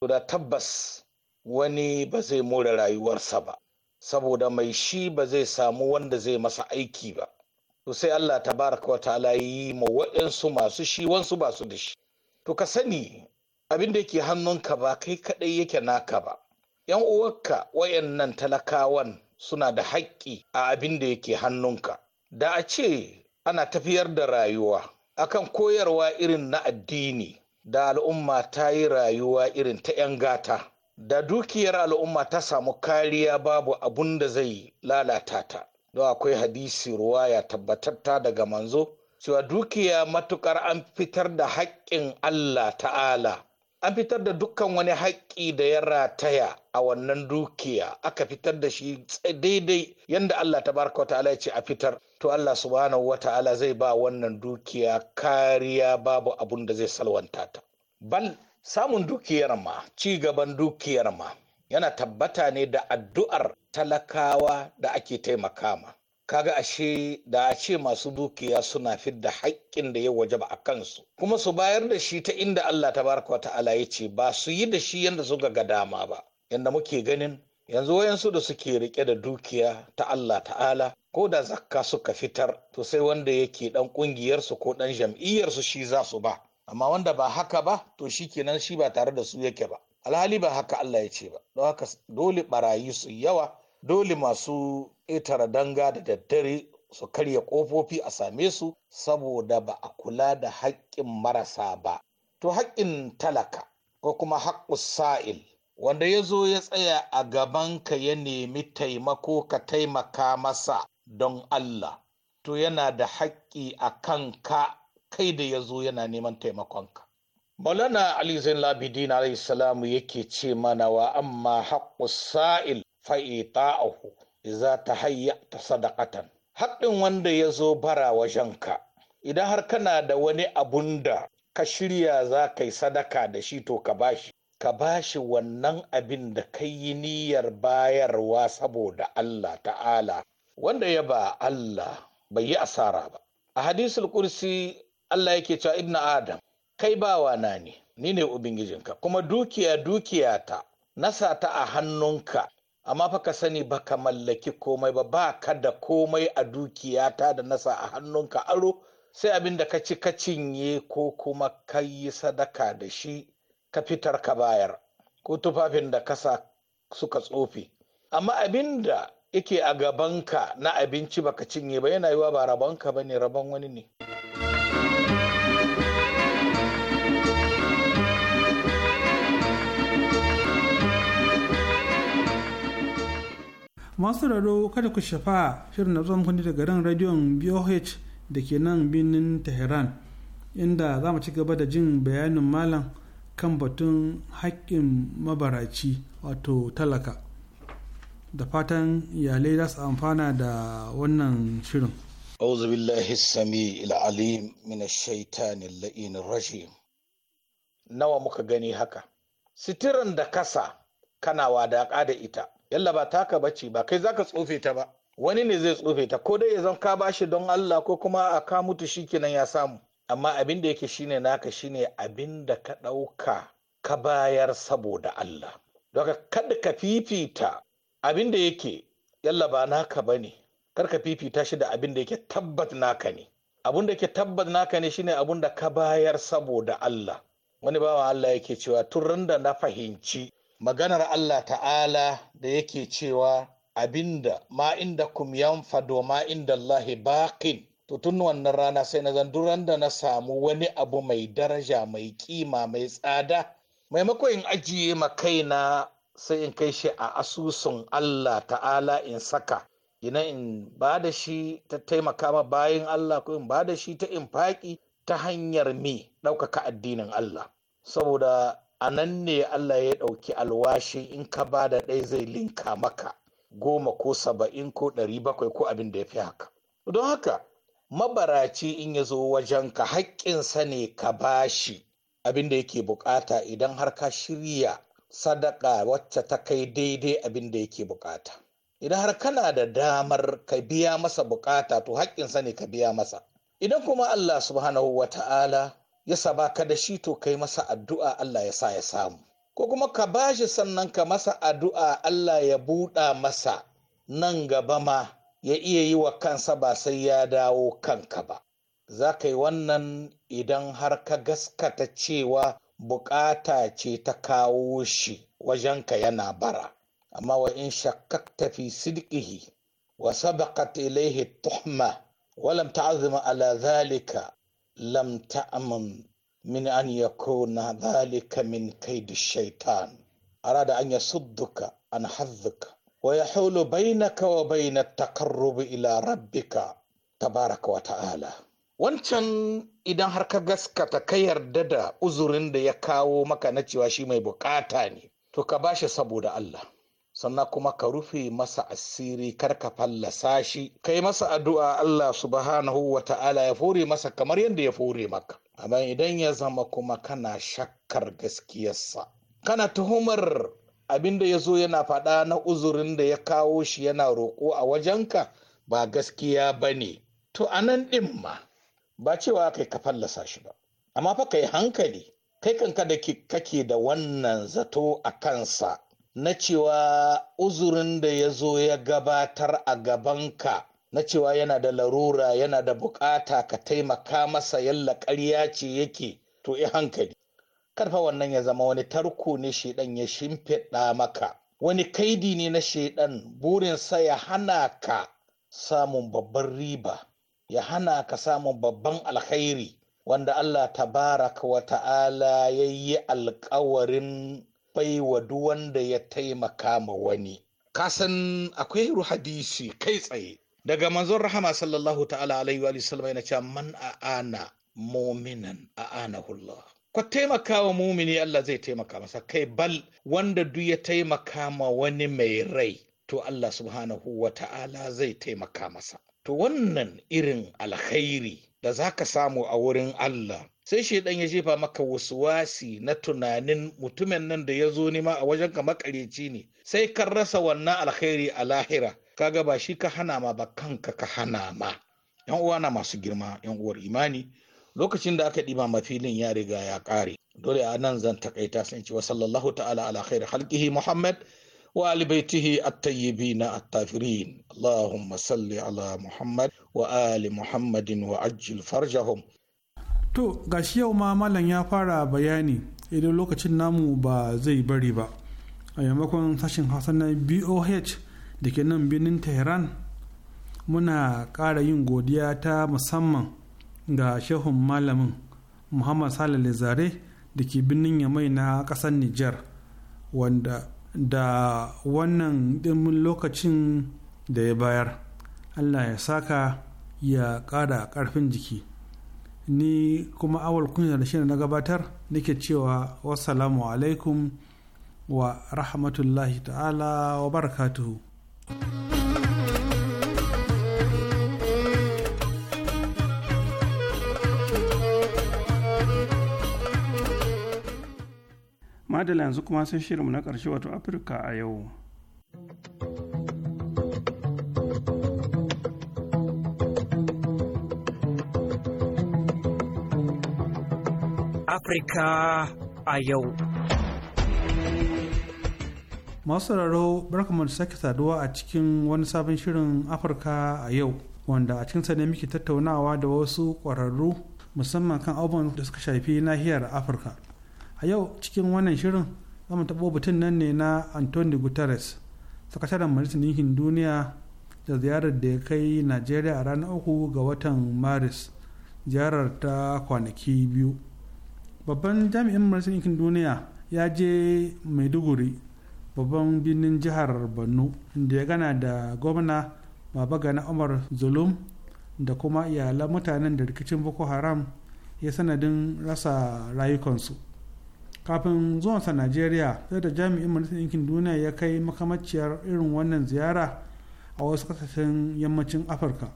to da tabbas wani ba zai more rayuwarsa ba saboda mai shi ba zai samu wanda zai masa aiki ba to sai allah ta baraka wa ta'ala yi ma waɗansu masu shi wansu ba su da shi to ka sani abin da yake hannunka ba kai kaɗai yake naka ba yan uwarka wayannan talakawan suna da haƙƙi a abin da yake hannunka da a ce ana tafiyar da rayuwa akan koyarwa irin na addini da al'umma ta yi rayuwa irin ta 'yan gata da dukiyar al'umma ta samu kariya babu abun da zai lalata ta don akwai hadisi ruwaya tabbatatta daga manzo cewa dukiya matukar an fitar da haƙƙin Allah ta'ala an fitar da dukkan wani haƙƙi da ya rataya a wannan dukiya aka fitar da shi daidai yadda Allah ta baraka wa ta'ala ya ce a fitar to Allah subhanahu wa ta'ala zai ba wannan dukiya kariya babu abun da zai salwanta ta Bal samun dukiyar ma ci gaban dukiyar ma yana tabbata ne da addu'ar talakawa da ake taimaka ma kaga ashe da a ce masu dukiya suna fidda haƙƙin da ya waje ba a kansu kuma su bayar da shi ta inda Allah ta baraka ta'ala ya ce ba su yi da shi yadda suka ga dama ba yadda muke ganin yanzu wayansu da suke rike da dukiya ta Allah ta'ala ko da zakka suka fitar to sai wanda yake dan ƙungiyarsu ko dan jam'iyyarsu shi za su ba amma wanda ba haka ba to shi kenan shi ba tare da su yake ba alhali ba haka Allah ya ce ba don haka dole barayi su yawa dole masu ƙetare danga da daddare su karya ƙofofi a same su saboda ba a kula da haƙƙin marasa ba. To haƙƙin talaka ko kuma haƙƙus sa'il wanda ya zo ya tsaya a gaban ka ya nemi taimako ka taimaka masa don Allah. To yana da haƙƙi a kanka kai da ya zo yana neman taimakonka. Maulana Ali Zain Labidin alayhi salamu yake ce mana wa amma haƙƙus sa'il fa'ita'ahu iza ta hayya ta sadakatan Haɗin wanda ya zo bara wajen ka. idan har kana da wani abun da ka shirya za ka yi sadaka da shi to ka bashi ka bashi wannan abin da ka yi niyyar bayarwa saboda Allah ta'ala wanda ya ba Allah bai yi asara ba a hadisul kursi Allah yake cewa ibna adam kai bawa na ne ni ne ubangijinka kuma dukiya dukiyata nasa ta a hannunka amma fa ka sani ba ka mallaki komai ba ba ka da komai a dukiyata da nasa a hannunka aro sai abin da ka ci ka cinye ko kuma ka yi sadaka da shi ka fitar ka bayar ko tufafin da kasa suka tsofe amma abin da yake a gabanka na abinci baka cinye ba yana yiwa ba rabonka ba ne rabon wani ne. masu raro kada ku shafa shirin na zuwa kundi daga ran radiyon boh da ke nan birnin tehran inda za mu ci gaba da jin bayanin malam kan batun haƙƙin mabaraci wato talaka da fatan iyalai za su amfana da wannan shirin أعوذ بالله السميع العليم من الشيطان اللئين الرجيم nawa muka gani haka sitiran da kasa kana wadaƙa da ita yalla ba taka bacci ba kai zaka tsofe ta ba wani ne zai tsofe ta ko dai ya zan ka bashi don Allah ko kuma a ka mutu shikenan ya samu amma abin da yake shine naka shine abin da ka ɗauka ka bayar saboda Allah daga kada ka fifita abin da yake yalla ba naka bane kar ka fifita shi da abin da yake tabbat naka ne abin da yake tabbat naka ne shine abin da ka bayar saboda Allah wani bawan Allah yake cewa tun da na fahimci maganar Allah ta'ala da yake cewa abinda ma inda kum yanfado ma inda Allah baqin to tun wannan rana sai na zan duran da na samu wani abu mai daraja mai kima mai tsada maimakon in ajiye ma kaina sai in kai shi a asusun Allah ta'ala in saka ina in ba da shi ta taimaka ma bayan Allah ko in ba da shi ta infaki ta hanyar me ɗaukaka addinin Allah saboda a nan ne Allah ya ɗauki alwashi in ka ba da ɗaya zai linka maka goma ko saba'in ko ɗari bakwai ko abin da ya fi haka. Don haka mabaraci in ya zo wajen ka haƙƙinsa ne ka ba shi abin da yake buƙata idan har ka shirya sadaka wacce ta kai daidai abin da yake buƙata. Idan har kana da damar ka biya masa bukata to haƙƙinsa ne ka biya masa. Idan kuma Allah subhanahu wa ta'ala ya saba ka da shi to kai masa addu'a Allah ya sa ya samu ko kuma ka bashi sannan ka masa addu'a Allah ya buɗa masa nan gaba ma ya iya yi wa kansa ba sai ya dawo kanka ba za ka yi wannan idan har ka gaskata cewa bukata ce ta kawo shi wajenka yana bara amma wa in shakkakta fi sidqihi wa sabaqat ilayhi tuhma wa ta'zima ala zalika lam ta'amun min an kona dalika min kai da shaitan arada an sudduka, an hazzika wa yahulu bainaka wa baina at ila rabbika tabaraka wa ta'ala wancan idan har ka gaskata ka yarda da uzurin da ya kawo maka na cewa shi mai bukata ne to ka bashi saboda Allah sannan kuma ka rufe masa asiri kar ka fallasa shi kai masa addu'a Allah subhanahu wa ta'ala ya fure masa kamar yadda ya fure maka amma idan ya zama kuma kana shakkar gaskiyarsa kana tuhumar abin da ya zo yana faɗa na uzurin da ya kawo shi yana roƙo a wajenka ba gaskiya ba ne to a nan ɗin ma ba cewa kai ka fallasa shi ba amma fa kai hankali kai kanka da kake da wannan zato a kansa na cewa uzurin da ya zo ya gabatar a gabanka na cewa yana da larura yana da bukata ka taimaka masa yalla ƙarya ce yake to i hankali karfa wannan ya zama wani tarko ne shaidan ya shimfiɗa maka wani kaidi ne na shaidan sa ya hana ka samun babban riba ya hana ka samun babban alkhairi wanda Allah tabaraka wa ta'ala ya yi alkawarin bai wa wanda ya taimaka ma wani kasan akwai hadisi kai tsaye daga manzon rahama sallallahu ta'ala alaihi wa sallam yana cewa man a'ana muminan a'anahu Allah ka taimaka wa mumini Allah zai taimaka masa kai bal wanda du ya taimaka ma wani mai rai to Allah subhanahu wa ta'ala zai taimaka masa to wannan irin alkhairi da za ka samu a wurin Allah sai shaidan ya jefa maka wasu wasi na tunanin mutumin nan da ya zo nema a wajen ka makareci ne sai kan rasa wannan alkhairi a lahira kaga ba shi ka hana ma ba kanka ka hana ma yan uwa na masu girma yan uwar imani lokacin da aka ɗiba ma filin ya riga ya kare dole a nan zan takaita sun ce wa sallallahu ta'ala ala khairi khalqihi muhammad wa ali baitihi at-tayyibin at-tafirin allahumma salli ala muhammad wa ali muhammadin wa ajil farjahum to gashi yau ma malam ya fara bayani idan lokacin namu ba zai bari ba a yammakon sashen hausa na boh da ke nan birnin tehran muna ƙara yin godiya ta musamman ga shehun malamin muhammad salale zare da ke birnin yamai na ƙasar nijar wanda da wannan ɗin lokacin da ya bayar allah ya saka ya ƙara ƙarfin jiki ni kuma awal kunya da shi na gabatar nake cewa wassalamu alaikum wa rahmatullahi ta'ala wa barakatuhu madala yanzu kuma sai shirinmu na ƙarshe wato afirka a yau Afirka a yau. Masu raro barkamu da sake saduwa a cikin wani sabon shirin Afirka a yau wanda a cikinsa ne muke tattaunawa da wasu ƙwararru musamman kan abubuwan da suka shafi nahiyar Afirka. A yau cikin wannan shirin za mu taɓo batun nan ne na Anthony Guterres, sakataren Majalisar Ɗinkin Duniya da ziyarar da ya kai Najeriya a ranar uku ga watan Maris, ziyarar ta kwanaki biyu. babban jami'in majalisar ɗinkin duniya ya je maiduguri babban birnin jihar borno da ya gana da gwamna na umar zulum da kuma iyalan mutanen da rikicin boko haram ya sanadin rasa rayukansu kafin zuwansa najeriya sai da jami'in majalisar ɗinkin duniya ya kai makamaciyar irin wannan ziyara a wasu kasashen yammacin afirka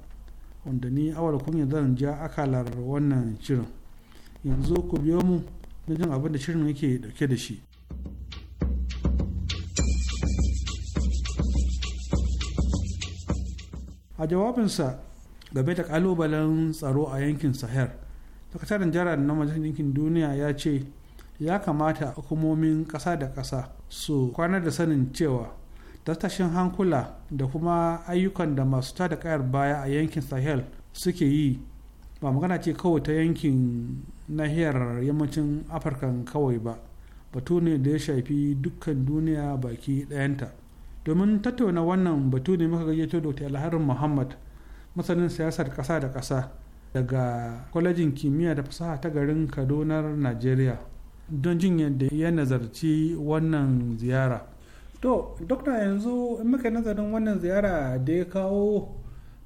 wanda ni awal kunya zan ja akalar wannan shirin yanzu ku biyo mu da jin abin da shirin yake dauke da shi a jawabinsa game da kalubalen tsaro a yankin sahel sakataren jarar na majalisar yankin duniya ya ce ya kamata hukumomin ƙasa da ƙasa su kwanar da sanin cewa tattashin hankula da kuma ayyukan da masu tada kayar baya a yankin sahel suke yi ba magana ce kawai ta yankin nahiyar yammacin afirkan kawai ba batu ne da ya shafi dukkan duniya baki ɗayanta domin tattauna wannan batu ne muka gayyato dr alharin muhammad masanin siyasar ƙasa da ƙasa daga kwalejin kimiyya da fasaha ta garin kaduna nigeria don jin yadda ya nazarci wannan ziyara to dokta yanzu in muka nazarin wannan ziyara da ya kawo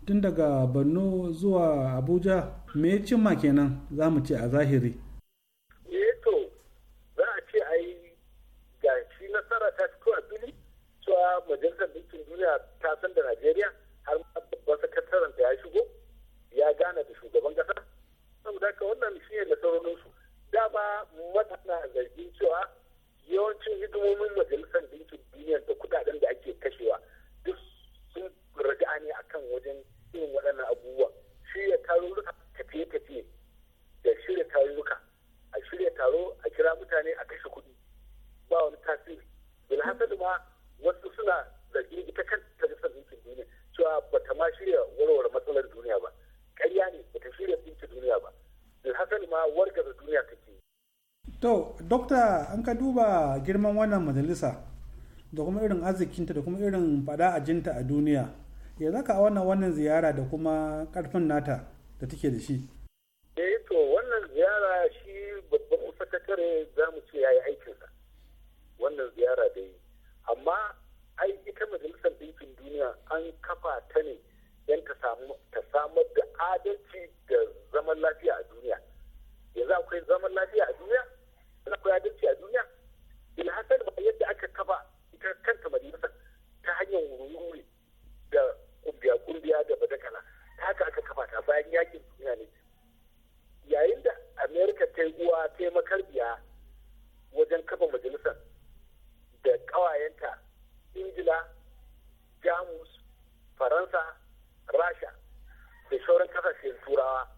tun daga borno zuwa abuja me cimma kenan za mu ce a zahiri eh to za a ce a yi gashi nasara ta a cewa majalisar dukkan duniya ta san da najeriya har ma babban sakataren da ya shigo ya gane da shugaban kasa saboda haka wannan shi ne nasarorinsu dama na zargin cewa yawancin hidimomin majalisar dinkin duniya da kudaden da ake kashewa duk sun raja ne akan wajen irin waɗannan abubuwa shi ya tarurruka tafiye-tafiye da shirya tarurruka a shirya taro a kira mutane a kashe kuɗi ba wani tasiri bilhassadu ma wasu suna zargin ita kan majalisar ɗinkin duniya cewa ba ta ma shirya warware matsalar duniya ba ƙarya ne ba ta shirya ɗinkin duniya ba bilhassadu ma wargaza duniya take ke. to dokta an ka duba girman wannan majalisa da kuma irin arzikinta da kuma irin fada jinta a duniya ya zaka a wannan wannan ziyara da kuma karfin nata da take da shi eh to wannan ziyara shi babban sakatare za mu ce yayi aikinsa wannan ziyara da yi amma ai ita majalisar ɗinkin duniya an kafa ta ne don ta samar da adalci da zaman lafiya a duniya yanzu akwai zaman lafiya a duniya yanzu akwai adalci a duniya ilhassan ba yadda aka kafa ita kanta majalisar ta hanyar wuri-wuri da kungiya-kungiya da badakala haka aka kafa bayan yakin duniya ne yayin da amerika ta yi uwa ta yi makarbiya wajen kafa majalisar da kawayenta ingila jamus faransa rasha da sauran kasashen turawa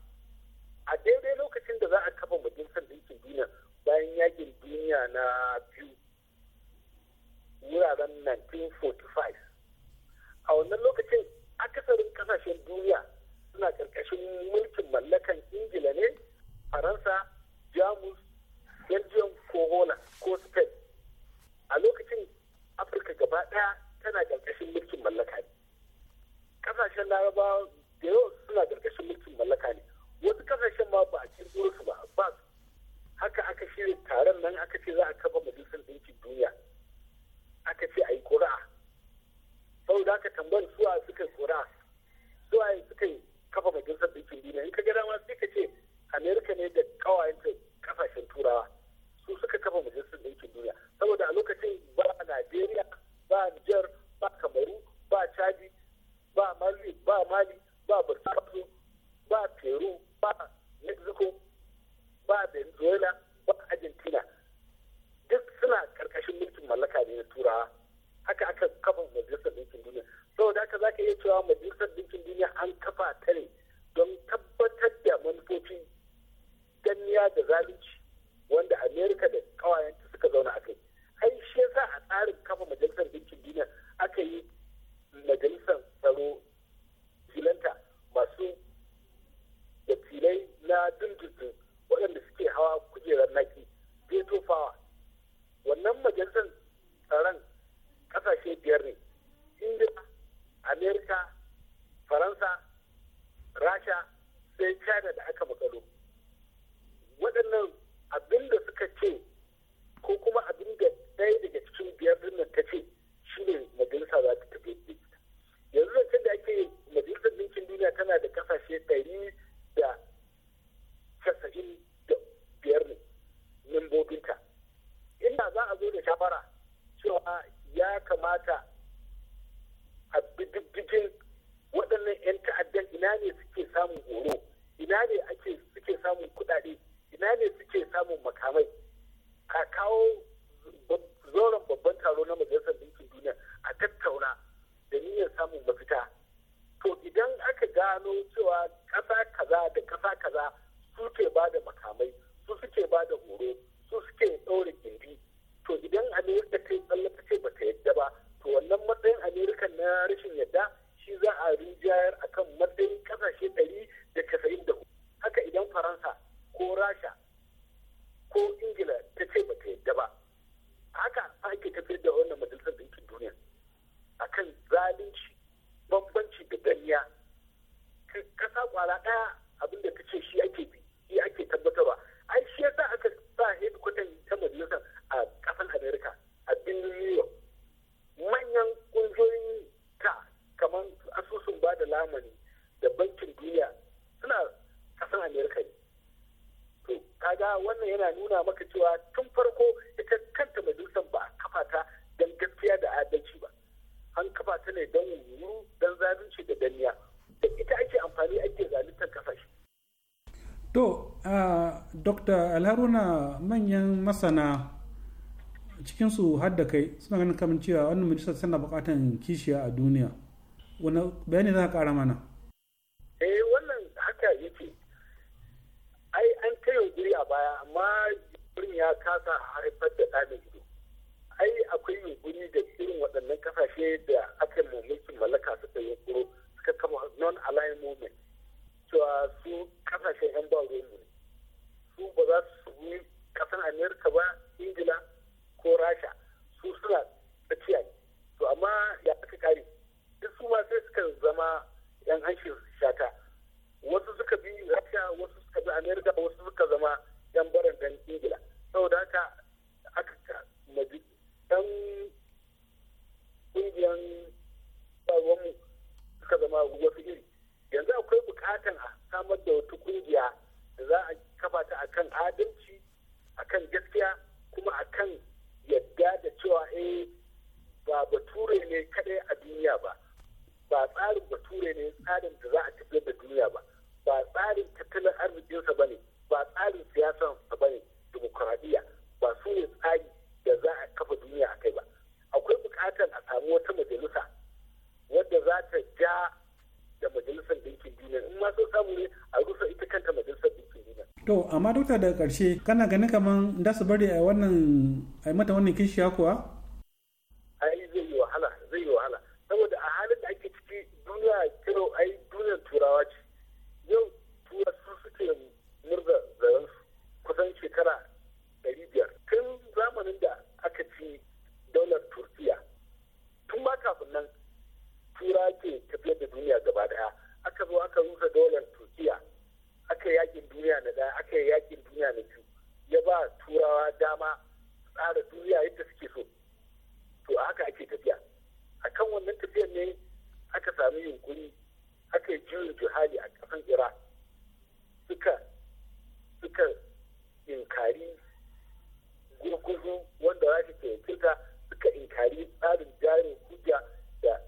a daidai lokacin da za a kafa majalisar ɗinkin duniya bayan yakin duniya na biyu wuraren 1945 a wannan lokacin akasarin kasashen duniya suna karkashin mulkin mallakan ingila ne faransa jamus belgium ko holland ko spain a lokacin afirka gaba daya tana karkashin mulkin mallaka ne kasashen larabawa da yawa suna karkashin mulkin mallaka ne wasu kasashen ma ba a kirkiro su ba ba haka aka shirya taron nan aka ce za a kafa majalisar ɗinkin duniya aka ce a yi ƙura'a saboda aka tambayar suwa suka yi ƙura'a suwa suka yi kafa majalisar ɗinkin duniya in ka gada ma sai ka ce amerika ne da kawayen kasashen turawa su suka kafa majalisar matsayin kasashe ɗari da casa'in da haka idan faransa ko rasha ko ingila ta ce ba ta yadda ba haka ake tafiyar da wannan majalisar ɗinkin duniya a kan zalunci bambanci da ganiya kasa kwala ɗaya abinda ta ce shi ake bi shi ake ba ai shi yasa aka sa headquarter ta majalisar a ƙasar america a birnin new york manyan ƙungiyoyin ta kamar asusun ba da lamani da bankin duniya suna kasan amerika ne to kaga wannan yana nuna maka cewa tun farko ita kanta majalisar ba a kafa ta don gaskiya da adalci ba an kafa ta ne don wuru don zalunci da danniya da ita ake amfani ake zaluntar kasashe To, Dr. Alharuna manyan masana cikinsu har da kai suna ganin kamar cewa wannan majalisar tana bukatan kishiya a duniya. Wani bayani za ka kara mana? eh wannan haka yake ai an kai yaudiri a baya amma yunkurin ya kasa haifar da ɗanin ido ai akwai yunkuri da irin waɗannan kasashe da aka yi mulkin mallaka suka yunkuro suka kama non-aligned movement cewa su kasashen 'yan ba mu ne su ba za su yi ƙasar amerika ba ingila ko rasha su suna tsakiya ne to amma ya aka kare duk su ma sai suka zama yan hanshin shata wasu suka bi Rasha wasu suka bi Amerika wasu suka zama yan baran dan Ingila saboda haka aka ka maji dan kungiyan tsawon suka zama wasu iri yanzu akwai bukatan a samar da wata kungiya da za a kafa ta kan adalci kan gaskiya kuma a kan yadda da cewa eh ba bature ne kadai a duniya ba ba tsarin bature ne tsarin da za a tafiyar da duniya ba ba tsarin tattalin arzikinsa ba ne ba tsarin siyasansa ba ne demokuraɗiyya ba su ne tsari da za a kafa duniya a kai ba akwai buƙatar a samu wata majalisa wadda za ta ja da majalisar ɗinkin duniya in ma sun samu ne a rusa ita kanta majalisar ɗinkin duniya. to amma dokta daga ƙarshe kana ganin kaman da su bari a wannan a mata wannan kishiya kuwa. ai zai yi wahala zai yi wahala saboda a halin duniya kiro ai duniyar turawa ce yau tura su suke murza zaren kusan shekara ɗari biyar tun zamanin da aka ci daular turkiya tun ba kafin nan tura ke tafiyar da duniya gaba daya aka zo aka rusa daular turkiya aka yakin duniya na daya aka yakin duniya na biyu ya ba turawa dama tsara duniya yadda suke so to haka ake tafiya akan wannan tafiyar ne aka sami yunkuri aka yi juyin juhali a ƙasan iraq suka suka inkari gurguzu wanda za ke wakilta suka inkari tsarin jarin hujja da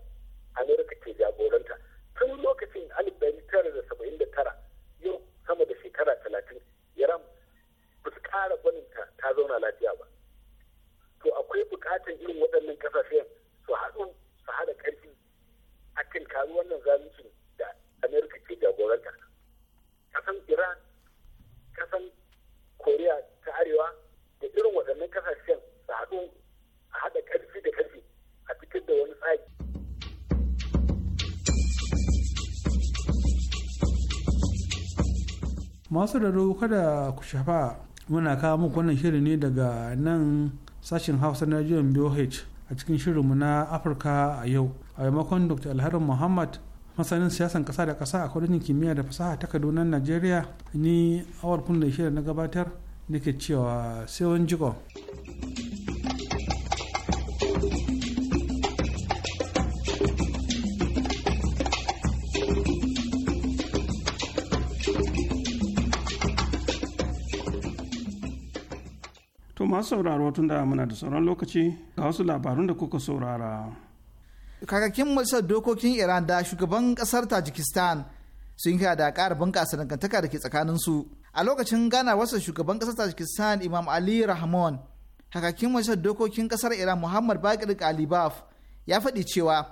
amurka ke jagoranta tun lokacin alif tara da saba'in da tara yau sama da shekara talatin yaran ba su ƙara gwaninta ta zauna lafiya ba to akwai buƙatar irin waɗannan ƙasashen su haɗu su haɗa ƙarfi a tinkari wannan zalunci da amerika ke jagoranta kasan iran kasan koriya ta arewa da irin waɗannan kasashen su haɗu a haɗa ƙarfi da ƙarfi a fitar da wani tsari masu raro kada ku shafa muna kawo muku wannan shirin ne daga nan sashen hausa na jiyan BOH a cikin shirinmu na afirka a yau a maimakon dr alharin muhammad masanin siyasan kasa da kasa a kwalejin kimiyya da fasaha ta kaduna najeriya ni awar kun shirin na gabatar nake cewa sai wani jigon. masu sauraro tun da muna da sauran lokaci ga wasu labarun da kuka saurara. Kakakin Majalisar Dokokin Iran da shugaban kasar Tajikistan sun kira da ƙara bunƙasa dangantaka da ke su A lokacin wasu shugaban ƙasar Tajikistan Imam Ali Rahman, kakakin Majalisar Dokokin kasar Iran Muhammad Bakir Kalibaf ya faɗi cewa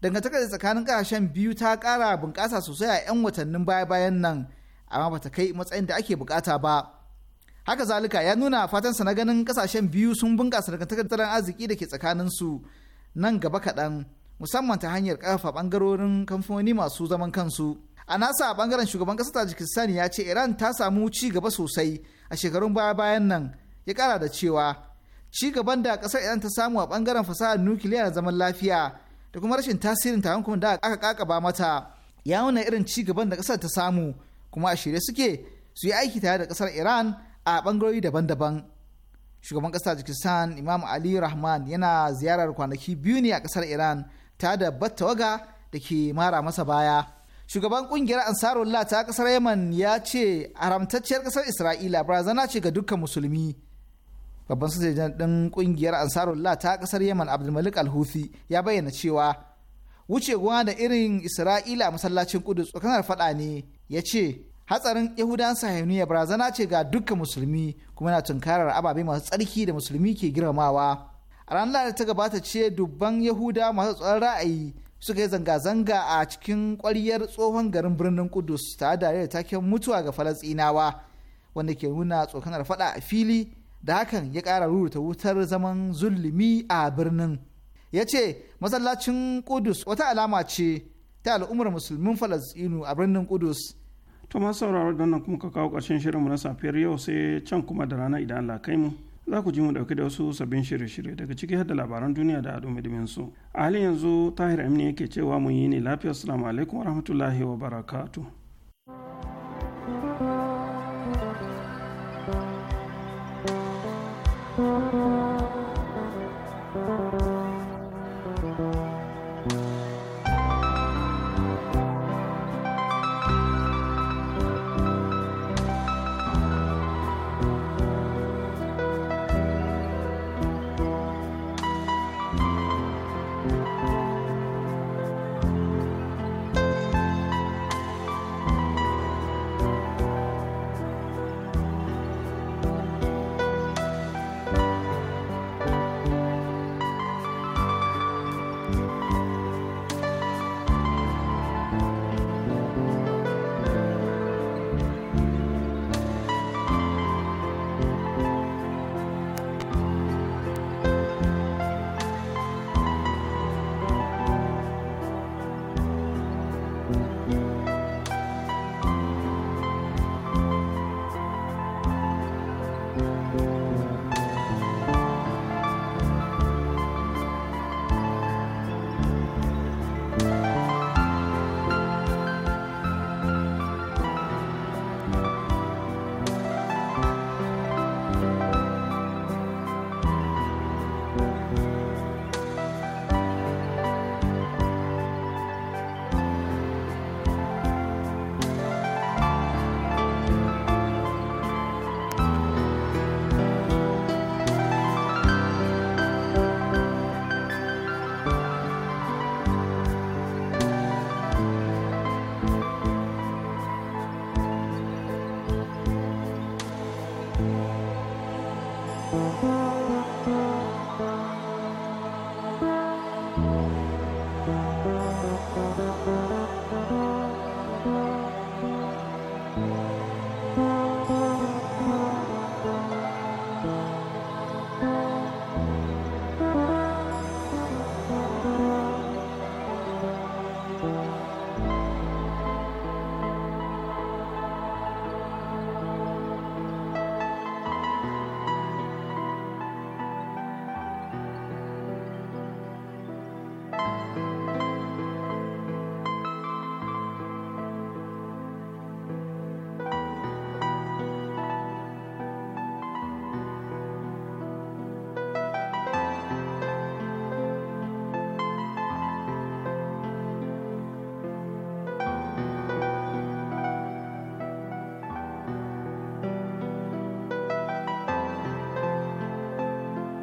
dangantaka da tsakanin ƙasashen biyu ta ƙara bunƙasa sosai a 'yan watannin baya-bayan nan, amma bata kai matsayin da ake bukata ba. haka zalika ya nuna fatansa na ganin kasashen biyu sun bunkasa daga tattalin arziki da ke su nan gaba kaɗan musamman ta hanyar ƙarfafa ɓangarorin kamfanoni masu zaman kansu a nasa ɓangaren shugaban ƙasar tajikistan ya ce iran ta samu ci gaba sosai a shekarun baya bayan nan ya kara da cewa ci gaban da ƙasar iran ta samu a ɓangaren fasahar nukiliya da zaman lafiya da kuma rashin tasirin kuma da aka ba mata ya nuna irin ci gaban da ƙasar ta samu kuma a shirye suke su yi aiki tare da ƙasar iran a bangarori daban-daban shugaban kasar tajikistan imam ali rahman yana ziyarar kwanaki biyu ne a kasar iran ta da battawaga da ke mara masa baya shugaban kungiyar ansarullah ta kasar yaman ya ce haramtacciyar kasar isra'ila barazana ce ga dukkan musulmi babban sojan ɗin kungiyar ansarullah ta kasar yaman abdulmalik alhuthi ya bayyana cewa wuce gona da irin isra'ila masallacin kudus tsakanar faɗa ne ya ce hatsarin yahudan sahiyuniya barazana ce ga dukkan musulmi kuma na tunkarar ababe masu tsarki da musulmi ke girmamawa a ranar lahadi ta gabata ce dubban yahuda masu tsoron ra'ayi suka yi zanga-zanga a cikin ƙwaryar tsohon garin birnin kudus ta da da taken mutuwa ga falastinawa wanda ke nuna tsokanar fada a fili da hakan ya kara rurta wutar zaman zulumi a birnin ya ce masallacin kudus wata alama ce ta al'ummar musulmin falastinu a birnin kudus to masu sauraro don nan kuma ka kawo ƙarshen shirinmu na safiyar yau sai can kuma da rana idan Allah kai mu za ku ji mu dauke da wasu sabbin shirye-shirye daga ciki har da labaran duniya da dumi su a halin yanzu tahir amini yake cewa mun yi ne lafiya assalamu alaikum warahmatullahi wabarakatuh